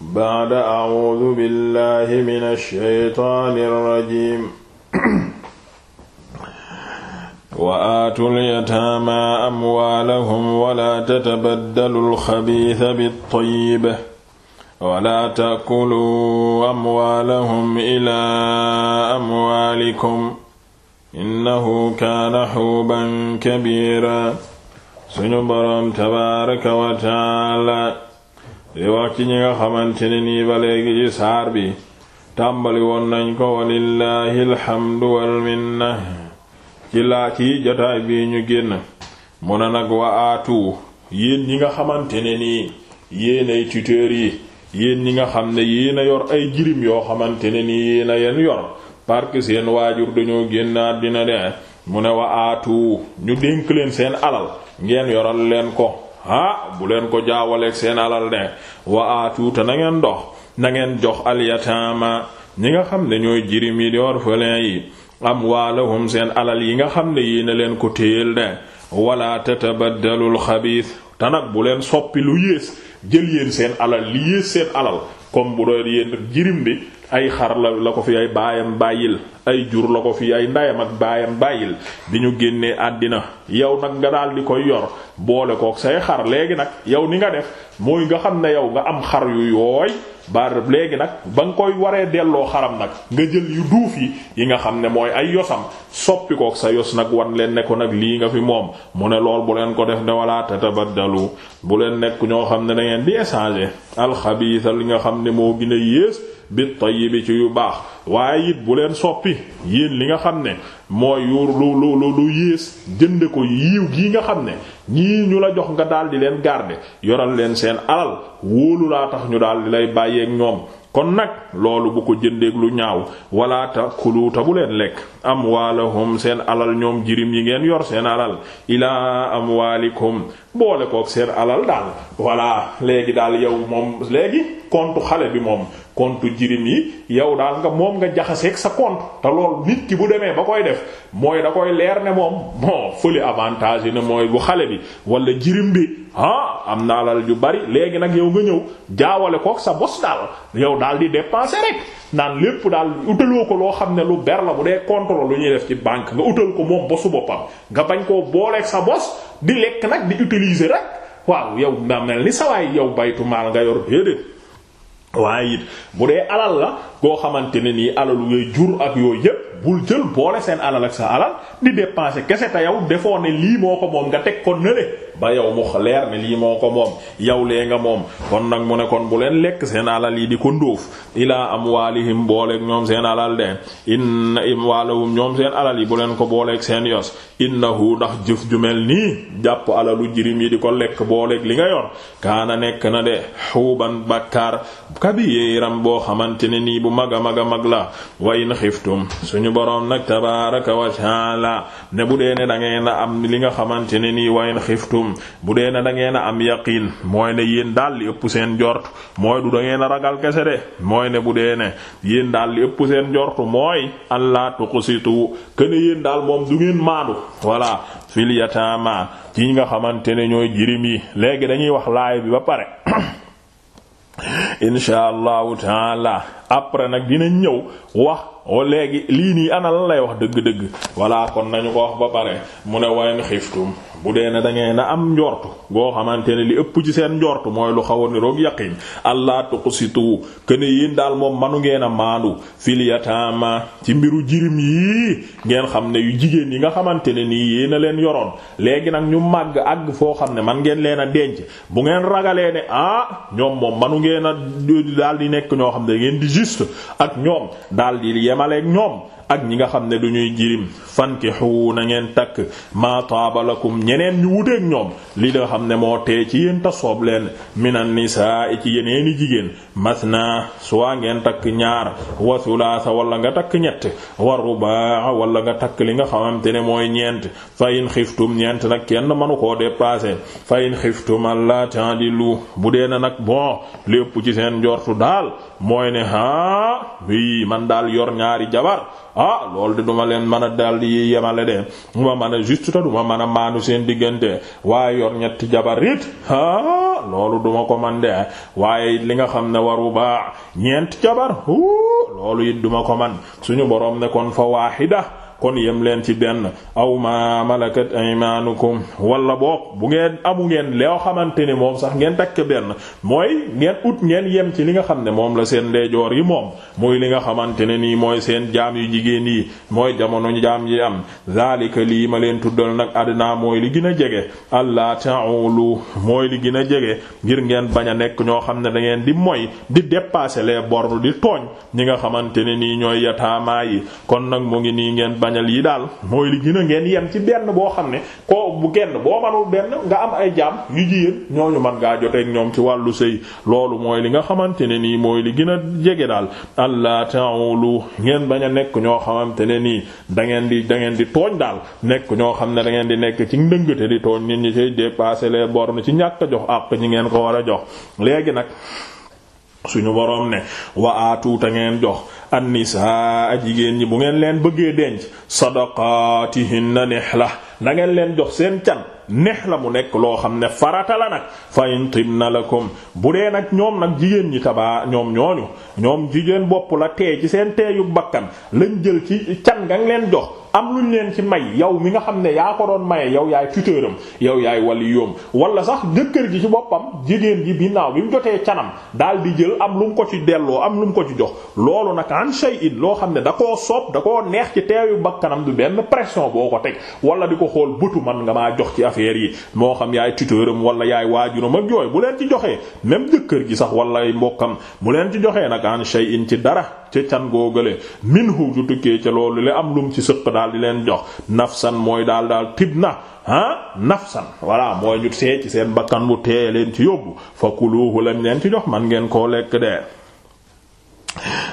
baada audu billahi min alsheytaani alrajim wa aatu lyataama amwaalahum wala tatabaddalu alxabiisa bittayib wala taakuluu amwaalahum ilaa amwaalikum innahu kaana xuuban kabiira suñu boroom tabaaraka wa taala di wax ci ñi nga xamante ne nii ba léegi ci saar bi tàmbali woon nañ ko walillahi alhamdu wal minna ci laa ci jotaay bi ñu génn mu ne nag wa aatu yéen ñi nga xamante ne nii yéen ay tuteurs yi yéen ñi nga xam ne yéen a yor ay jirim yoo xamante ne nii yéen a yeen yor parce seen waajur dañoo génn dina de mu ne wa aatu ñu dénk leen seen alal ngeen yoral leen ko ah bu leen ko jaawaleeg seen alal de wa aatuuta na ngeen dox na ngeen jox alyataama ñi nga xam ne ñooy jirim yi di orphelin yi amwaalahum seen alal yi nga xam ne yéena leen ko téyel de wala tatabaddalul xabiis te nag bu leen soppi lu yées jël yéen seen alal li yées seen alal comme bu doon yéen jirim bi ay xar la la ko fi ay baayam bàyyil ay jur la ko fi ay ndayam ak baayam bàyyil bi ñu génnee àddina yow nag nga daal di koy yor boole kook say xar léegi nag yow ni nga def mooy nga xam ne yow nga am xar yu yooy bar léegi nag ba nga koy waree delloo xaram nag nga jël yu duuf yi yi nga xam ne mooy ay yosam soppi kook sa yos nag wan leen ne ko nag lii nga fi moom mu ne lool bu leen ko def ne wala tatabaddalu bu leen nekk ñoo xam ne da ngeen di échanger alxabiisa li nga xam ne moo gën a yées bi tayyibi ci yu baax waaye it bu leen soppi yéen li nga xam ne mooy yu lu lu lu yées jënde ko yiiw gii nga xam ne ñii ñu la jox nga daal di leen garder yoral leen seen alal wóolu laa tax ñu daal lay bàyyeeg ñoom kon nag loolu bu ko jëndeek lu ñaaw walaata takulu ta bu leen lekk am amwaalahum seen alal ñoom jirim yi ngeen yor seen alal ilaa amwaalikum boole kook seen alal daal wala léegi daal yow moom léegi kontu xale bi moom compte jirim yi yow daal nga moom nga jaxaseeg sa compte te lool nit ki bu demee ba koy def mooy da koy leer ne moom bon fële avantage yi ne mooy bu xale bi wala jirim bi ah am naa la ju bari léegi nag yow nga ñëw jaawale kook sa bos daal yow daal di dépenser rek naan lépp daal utaloo ko loo xam ne lu ber la bu dee contrôle lu ñuy def ci banque nga utal ko moom bosu boppam nga bañ koo booleeg sa bos di lekk nag di utiliser rek waaw yow daa mel ni sawaay waaye it bu dee alal la koo xamante ne nii alal yooyu jur ak yooyu yépp bul jël boole seen alal ak sa alal di dépenser kese te yow defoo ne lii moo ko moom nga teg ko nële ba yow mu leer ne lii moo ko moom yow lee nga moom kon nag mu ne kon bu leen lekk seen alal yi di ko ndóof ilaa amwaalihim booleeg ñoom seen alal de inna imwaalahum ñoom seen alal yi bu leen ko booleek seen yos innahu ndax jëf ju mel nii jàpp alalu jirim yi di ko lekk booleeg li nga yoon kaana nekk na de xuuban bakkaar kabiiram boo xamante ne nii bu mag a mag a mag la wa in xiftum suñu boroom nag tabaaraka wa taala ne bu dee ne da a am li nga xamante ne nii wa in xiftum kuntum bu dee ne da ngeen a am yaqiin mooy ne yéen dal di ëpp seen jort mooy du da a ragal kese de mooy ne bu dee ne yéen daal li ëpp seen jort mooy allah tuqsitu kene yéen daal moom du ngeen maadu voilà fil yataama ci ñi nga xamante ne ñooy jirim yi léegi dañuy wax laay bi ba pare insha allahu taala après nag dina ñëw wax o léegi lii nii ana lan lay wax dëgg-dëgg walla kon nañu ko wax ba pare mu ne wayen xiftum bu dee na da ngeen a am njort goo xamante ne li ëpp ci seen njort mooy lu xaw a niroog yaqiin allah tuqsitu kene yéen daal moom manu ngeen a maandu fil yataama ci mbiru jirim yii ngeen xam ne yu jigéen yi nga xamante ne nii yéen a leen yoroon léegi nag ñu màgg àgg foo xam ne man ngeen leen a denc bu ngeen ragalee ne ah ñoom moom manu ngeen a daal di nekk ñoo xam ne ngeen di juste ak ñoom daal di yemaleeg ñoom ak ñi nga xam ne du ñuy jirim fankihu na ngeen takk maa taaba lakum ñeneen ñu wuteeg ñoom li nga xam ne moo tee ci yéen ta soob leen minan nisaa ci yeneeni jigéen masna suwaa ngeen takk ñaar wa sulaasa wala nga takk ñett wa rubaa wala nga takk li nga xamante ne mooy ñeent fa in xiftum ñeent nag kenn mënu ko dépasser fa in xiftum alla ta'dilu bu dee na nag bon lépp ci seen njortu daal mooy ne haa man daal yor ñaari jabar ah loolu de duma leen mën a daal di yemale de duma mën a juste ta duma mën a maanu seen diggante waaye yor ñetti jabar yit ah loolu duma ko man de waaye li nga xam ne waru baax ñeent jabar hu loolu it duma ko man suñu borom ne kon fa waaxida kon yem leen ci benn aw ma malakat aymanukum wala boog bu ngeen amu ngeen loo xamante ne moom sax ngeen takk benn mooy ngeen ut ngeen yem ci li nga xam ne moom la seen ndeyjoor yi moom mooy li nga xamante ne nii mooy seen jaam yu jigéen yi mooy jamono jaam yi am zalika lii ma leen tuddal nag adna mooy li gën a jege allah lu mooy li gën a jege ngir ngeen bañ a nekk ñoo xam ne da ngeen di moy di dépasser les bornes di tooñ ñi nga xamante ne nii bañal yi daal mooy li gën a ngeen yem ci benn boo xam ne ko bu genn boo manul benn nga am ay jaam yu jigéen ñooñu man ngaa joteeg ñoom ci wàllu sëy loolu mooy li nga xamante ne nii mooy li gën a jege daal allah lu ngeen bañ a nekk ñoo xamante ne nii da ngeen di da ngeen di tooñ daal nekk ñoo xam ne da ngeen di nekk ci ndëngate di tooñ nit ñi cay dépasser les bornes ci ñàkk a jox àq ñi ngeen ko war a jox léegi nag suñu boroom ne wa aatuuta ngeen jox annisaa jigéen ñi bu ngeen leen bëggee denc sadaqaatihinna nihla na ngeen leen jox seen can la mu nekk loo xam ne farata la nag fa in tibna lakum bu dee nag ñoom nag jigéen ñi tabaa ñoom ñooñu ñoom jigéen bopp la tee ci seen teeyu bakkan lañ jël ci can nga leen jox am lu ñu leen ci may yow mi nga xam ne yaa ko doon maye yow yaay tuteuram yow yaay wali yoom wala sax jëkkër ji ci boppam jigéen ji bi ginnaaw bi mu jotee canam daal di jël am lu mu ko ci delloo am lu mu ko ci jox loolu nag an shay'in loo xam ne da koo soob da koo neex ci teewu bakkanam du benn pression boo ko teg wala di ko xool bëtu man nga maa jox ci affaire yi moo xam yaay tuteuram wala yaay waajuram ak yooyu bu leen ci joxee même jëkkër gi sax wala mbokkam bu leen ci joxee nag an shay'in ci dara ca can googale minhu ju tukkee ca loolu le am mu ci sëq daal di leen jox nafsan mooy daal daal tib na ah nafsan voilà mooy ñu see ci seen bakkan bu tee leen ci yóbbu fa kuluuhu lañ leen ci jox man ngeen koo lekk de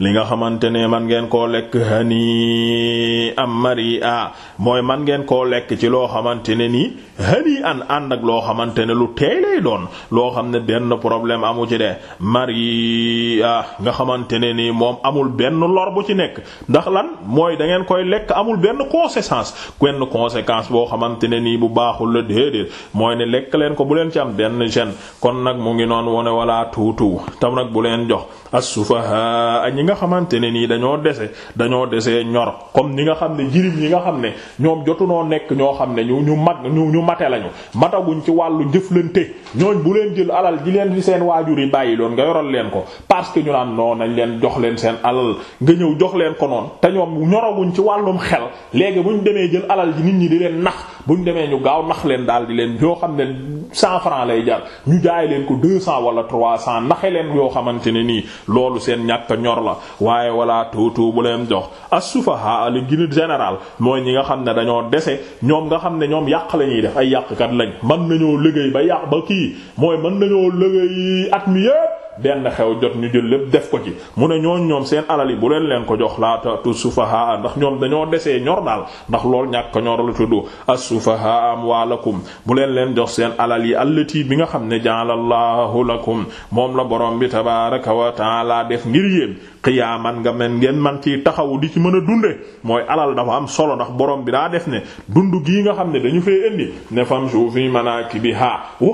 li nga xamante ne man ngeen koo lekk hani am mari a mooy man ngeen koo lekk ci loo xamante ne nii hani an ànd ak loo xamante ne lu teey lay doon loo xam ne benn problème amu ci dee mari a nga xamante ne nii moom amul benn lor bu ci nekk ndax lan mooy da ngeen koy lekk amul benn conséquence benn conséquence boo xamante ne nii bu baaxul la déedéet mooy ne lekk leen ko bu leen ci am benn gêne kon nag mu ngi noon wone wala tuutu tam nag bu leen jox as-sufaha a ñi nga xamante ni nii dañoo dese dañoo dese ñor comme ñi nga xam ne jirim ñi nga xam ne ñoom jotunoo nekk ñoo xam ne ñu ñu mag ñu ñu mate lañu mataguñ ci wàllu jëflante ñooñ bu leen jël alal ji leen fi seen waajur yi bàyyi loon nga yoral leen ko parce que ñu naan non nañ leen jox leen seen alal nga ñëw jox leen ko noon te ñoom ñoraguñ ci wàllum xel léegi buñ demee jël alal ji nit ñi di leen nax bu demee ñu gaaw nax leen daal di leen yoo xam ne cent francs lay jar ñu jaay leen ko deux cent wala trois cent naxe leen yoo xamante ne nii loolu seen ñàkk ñor la waaye wala tuutu bu leen jox as-sufaha li gën général mooy ñi nga xam ne dañoo dese ñoom nga xam ne ñoom yàq la ñuy def ay yàqkat lañ mën nañoo liggéey ba yàq ba kii mooy mën nañoo liggéey at mi yépp benn xew jot ñu jël lépp def ko ci mu ne ñooñ ñoom seen alal yi bu leen leen ko jox laatatu sufahaa ndax ñoom dañoo desee ñor daal ndax lool ñàkk ñor la tudd as-sufahaa amwaalakum bu leen leen jox seen alal yi allati bi nga xam ne ja'alallahu lakum moom la borom bi tabaaraka wa ta'aala def ngir yéen qiyaaman nga men ngeen man ci taxawu di ci mën a dunde mooy alal dafa am solo ndax borom bi daa def ne dund gii nga xam ne dañu fee indi ne famshu fi manaakibihaa wa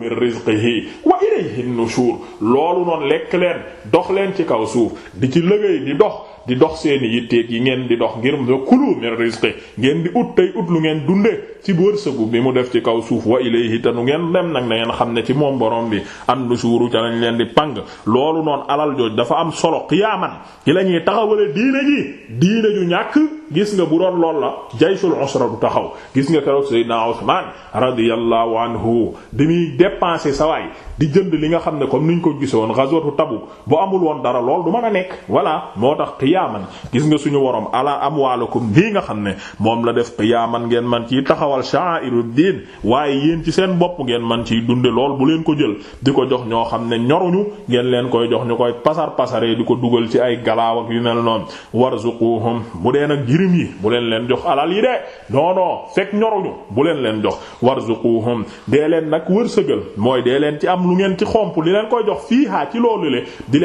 min rizqihi wa ilayhi nushur loolu noonu lekk leen dox leen ci kaw suuf di ci liggéey di dox di dox seeni yitteeg yi ngeen di dox ngir kulu min rizqi ngeen di ut tey ut lu ngeen dundee ci wërsëgu bi mu def ci kaw suuf wa ilayhi te nu ngeen dem nag na ngeen xam ne ci moom borom bi am nu suuru ca lañ leen di pang loolu noonu alal jooj dafa am solo xiyaaman ki la ñuy taxawale diine ji diine ju ñàkk gis nga bu doon lool la jayshul usra du taxaw gis nga keroog sayyidina Usman radiyallahu anhu di muy dépenser sa waay di jënd li nga xam ne comme niñ ko gisoon ghazwatu Tabuk bu amul woon dara lool du mën a nekk voilà moo tax qiyaaman gis nga suñu worom ala amwaalakum nii nga xam ne moom la def qiyaaman ngeen man ciy taxawal sha'irud diin waaye yéen ci seen bopp ngeen man ciy dunde lool bu leen ko jël di ko jox ñoo xam ne ñoruñu ngeen leen koy jox ñu koy pasar pasaree di ko dugal ci ay galaaw ak yu mel noonu warzuquhum bu dee nag jirim yi bu leen leen jox alal yi de non non fekk ñoruñu bu leen leen jox warzuquhum dee leen nag wër wërsëgal mooy dee leen ci am lu ngeen ci xomp li leen koy jox fii ha ci loolu le di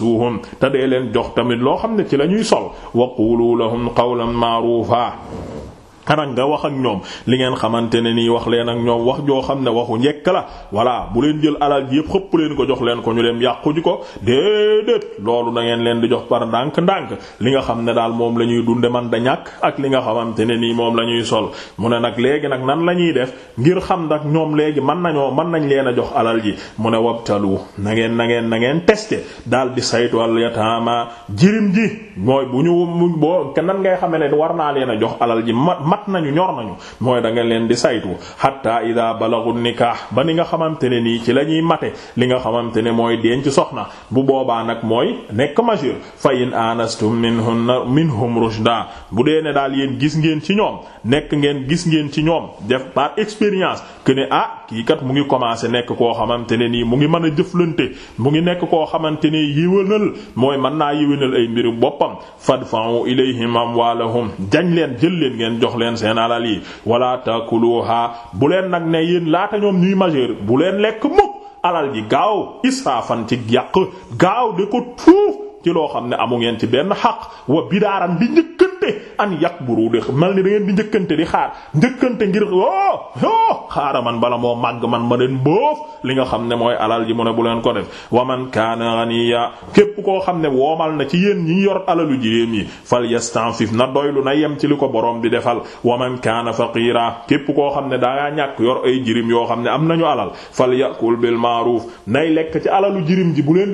waksuhum te dee leen jox tamit loo xam ne ci la ñuy sol wa qulu lahum qawlan ma'rufa anak nga wax ak li ngeen xamante ne nii wax leen ak ñoom wax joo xam ne waxu njekk la voilà bu leen jël alal ji yëpp xëpp leen ko jox leen ko ñu dem yàqu ji ko déedéet loolu ngeen leen di jox par ndànk-ndànk li nga xam ne daal moom la ñuy dunde man da ñàkk ak li nga xamante ne nii moom la ñuy sol mu ne nag léegi nag nan la ñuy def ngir xam nag ñoom léegi man nañoo mën nañ leen a jox alal ji mu ne wabtalu na ngeen na ngeen na ngeen testé daal di saytu al yataama jirim ji mooy bu ñu boo nan ngay xamee ne war naa leen a jox alal ji mat nañu ñor nañu mooy da nga leen di saytu hatta ida balagu nikah ba ni nga xamante ne nii ci la ñuy mate li nga xamante ne mooy denc soxna bu boobaa nag mooy nekk majeur fa in anastum minhunna minhum rushda bu dee ne daal yéen gis ngeen ci ñoom nekk ngeen gis ngeen ci ñoom def par expérience que ne ah kii kat mu ngi commencé nekk koo xamante ne nii mu ngi mën a jëflante mu ngi nekk koo xamante ne yéwénal mooy mën naa yéwénal ay mbiru boppam fadfa'u ilayhim amwalahum jañ leen seen alal yi wala takuluha bu leen nag ne yéen laata ñoom ñuy majeur bu leen lekk mukk alal ji gaaw israfan ci yàq gaaw di ko tuuf ci loo xam ne amu ngeen ci benn xaq wa bidaaran bi njëkkante an yakburu de mel ni da ngeen di njëkkante di xaar njëkkante ngir oh oh xaara man bala moo màgg man ma leen boof li nga xam ne mooy alal yi mu ne bu leen ko def wa man kaana ghaniya képp koo xam ne woomal na ci yéen ñi yor alalu jigéen yi fal yastanfif na doylu na yem ci li ko boroom bi defal wa man kaana faqira képp koo xam ne daa dangaa ñàkk yor ay jirim yoo xam ne am nañu alal fal yakul bil lekk ci alalu jirim ji bu leen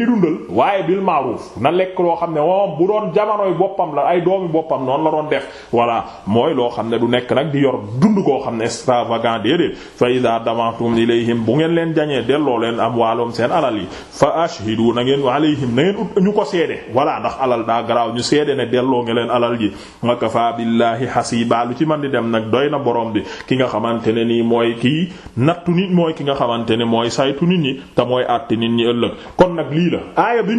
lekk loo xam ne moom bu doon jamonoy boppam la ay doomi boppam noonu la doon def voilà mooy loo xam ne du nekk nag di yor dund koo xam ne extravagant déedéet fa iza damantum ilayhim bu ngeen leen jañee delloo leen am waalom seen alal yi fa ashhidu na ngeen alayhim na ngeen ut ñu ko seede voilà ndax alal daa garaaw ñu seede ne delloo nga leen alal ji wakafa billahi hasiba lu ci man di dem nag doy na borom bi ki nga xamante ne nii mooy kii nattu nit mooy ki nga xamante ne mooy saytu nit ñi te mooy àtte nit la aaya bi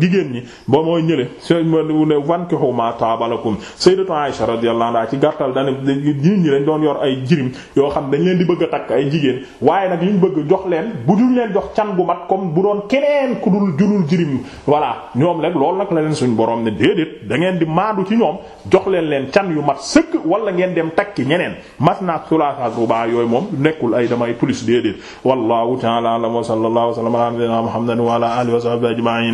jigéen ñi ba mooy ñële smu ne wankihu ma taaba lakum sayyidatu Aisha radiyallahu anha ci gàttal dane jigéen ñi dañ doon yor ay jirim yoo xam dañ leen di bëgg a takk ay jigéen waaye nag liñ bëgg jox leen bu duñ leen jox can gu mat comme bu doon keneen ku dul jurul jirim voilà ñoom rek loolu nag la leen suñ borom ne déedéet da ngeen di maadu ci ñoom jox leen leen can yu mat sëkk wala ngeen dem takki ñeneen mas naak sulaasa ak rubaa yooyu moom nekkul ay damay plus déedéet wallahu ta'ala wa sallallahu wa sallama ala muhammadin wa ala alihi wa sahbihi ajma'in